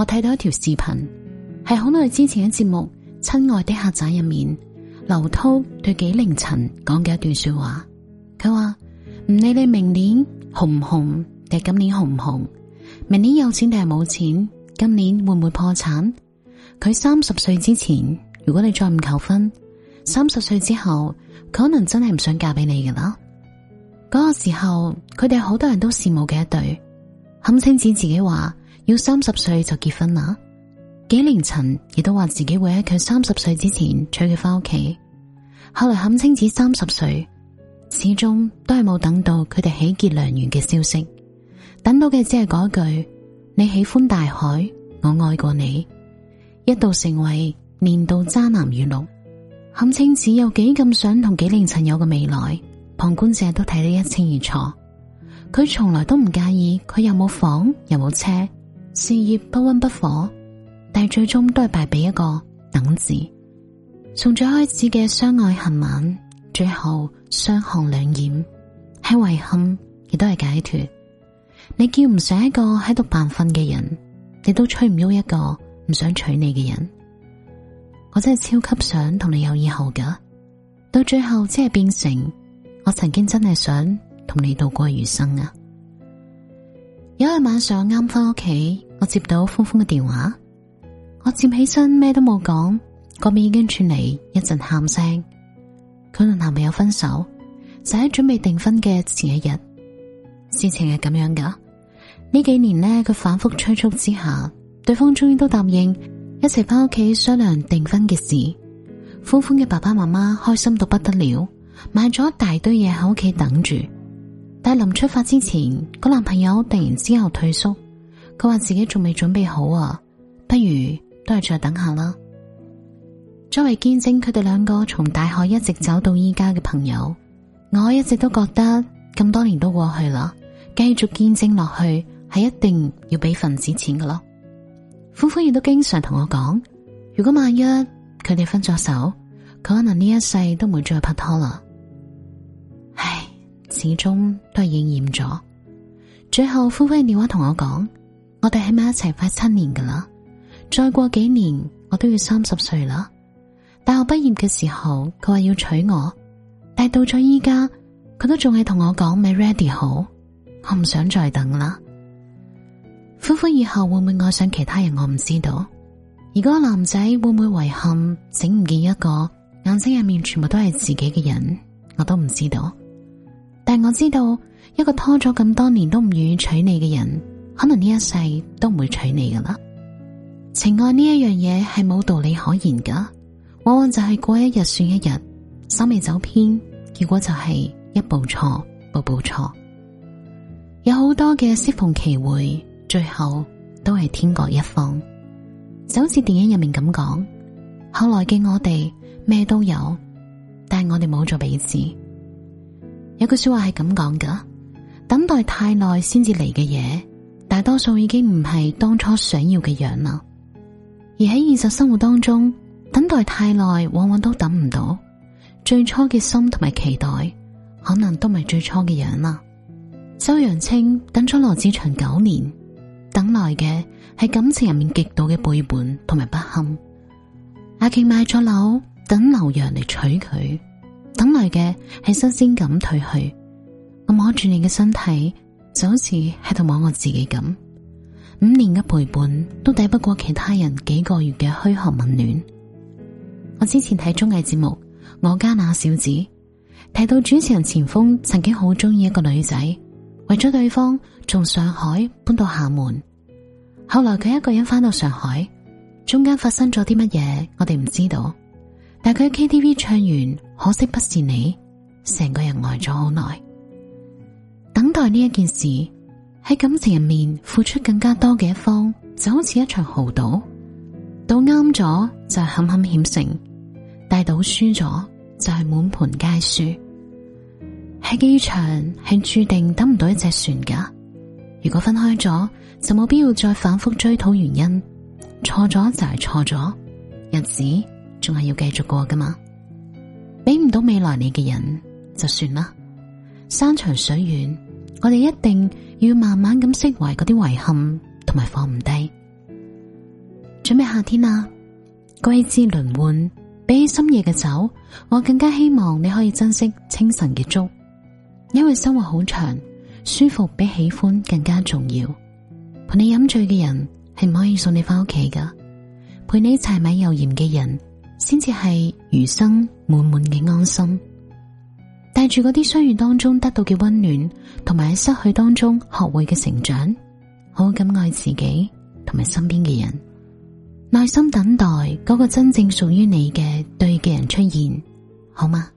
我睇到一條視頻，係好耐之前嘅節目《親愛的客棧》入面，劉濤對紀凌塵講嘅一段說話。佢話唔理你明年紅唔紅，定係今年紅唔紅，明年有錢定係冇錢，今年會唔會破產？佢三十歲之前，如果你再唔求婚，三十歲之後，佢可能真係唔想嫁俾你嘅啦。嗰個時候，佢哋好多人都羨慕嘅一對，闞清子自己話，要三十歲就結婚啦，紀凌塵亦都話自己會喺佢三十歲之前娶佢翻屋企。後來闞清子三十歲，始終都係冇等到佢哋喜結良緣嘅消息。等到嘅只係嗰句：你喜歡大海，我愛過你。一度成為年度渣男語錄，闞清子有幾咁想同紀凌塵有個未來，旁觀者都睇得一清二楚。佢從來都唔介意佢有冇房，有冇車。事業不溫不火，但係最終都係敗俾一個等字。從最開始嘅相愛恨晚，最後相看兩厭，係遺憾亦都係解脫。你叫唔上一個喺度扮瞓嘅人，你都吹唔喐一個唔想娶你嘅人。我真係超級想同你有以後噶，到最後只係變成我曾經真係想同你度過餘生啊！有一晚上啱翻屋企，我接到歡歡嘅電話，我接起身咩都冇講，嗰邊已經傳嚟一陣喊聲。佢同男朋友分手，就喺準備訂婚嘅前一日。事情係咁樣噶，呢幾年咧佢反覆催促之下，對方終於都答應一齊翻屋企商量訂婚嘅事。歡歡嘅爸爸媽媽開心到不得了，買咗一大堆嘢喺屋企等住。但係臨出發之前，個男朋友突然之後退縮，佢話自己仲未準備好啊，不如都係再等下啦。作為見證佢哋兩個從大學一直走到依家嘅朋友，我一直都覺得咁多年都過去啦，繼續見證落去係一定要俾份子錢嘅咯。夫婦亦都經常同我講，如果萬一佢哋分咗手，佢可能呢一世都唔會再拍拖啦。始終都係應驗咗。最後，灰灰電話同我講：我哋起碼一齊快七年噶啦，再過幾年我都要三十歲啦。大學畢業嘅時候，佢話要娶我，但係到咗依家，佢都仲係同我講未 ready 好。我唔想再等啦。灰灰以後會唔會愛上其他人？我唔知道。如果男仔會唔會遺憾整唔見一個眼睛入面全部都係自己嘅人？我都唔知道。但我知道，一個拖咗咁多年都唔願意娶你嘅人，可能呢一世都唔會娶你噶啦。情愛呢一樣嘢係冇道理可言噶，往往就係過一日算一日，稍微走偏，結果就係一步錯步步錯。有好多嘅適逢其會，最後都係天各一方。就好似電影入面咁講，後來嘅我哋咩都有，但係我哋冇咗彼此。有句話說話係咁講噶，等待太耐先至嚟嘅嘢，大多數已經唔係當初想要嘅樣啦。而喺現實生活當中，等待太耐，往往都等唔到最初嘅心同埋期待，可能都唔係最初嘅樣啦。周揚青等咗羅志祥九年，等來嘅係感情入面極度嘅背叛同埋不堪。阿杰買咗樓，等劉洋嚟娶佢。等來嘅係新鮮感退去，我摸住你嘅身體就好似喺度摸我自己咁。五年嘅陪伴都抵不過其他人幾個月嘅噓寒問暖。我之前睇綜藝節目《我家那小子》，睇到主持人錢楓曾經好中意一個女仔，為咗對方從上海搬到廈門。後來佢一個人翻到上海，中間發生咗啲乜嘢，我哋唔知道。但佢喺 K T V 唱完。可惜不是你，成個人呆咗好耐。等待呢一件事，喺感情入面付出更加多嘅一方，就好似一場豪賭，賭啱咗就係堪堪險勝，大賭輸咗就係滿盤皆輸。喺機場係注定等唔到一隻船噶，如果分開咗，就冇必要再反復追討原因，錯咗就係錯咗，日子仲係要繼續過噶嘛。俾唔到未來你嘅人就算啦，山長水遠，我哋一定要慢慢咁釋懷嗰啲遺憾，同埋放唔低。準備夏天啦、啊，季節輪換，比起深夜嘅酒，我更加希望你可以珍惜清晨嘅粥，因為生活好長，舒服比喜歡更加重要。陪你飲醉嘅人係唔可以送你翻屋企噶，陪你一齊柴米油鹽嘅人，先至係餘生滿滿嘅安心，帶住嗰啲相遇當中得到嘅溫暖，同埋喺失去當中學會嘅成長，好好咁愛自己同埋身邊嘅人，耐心等待嗰個真正屬於你嘅對嘅人出現，好嗎？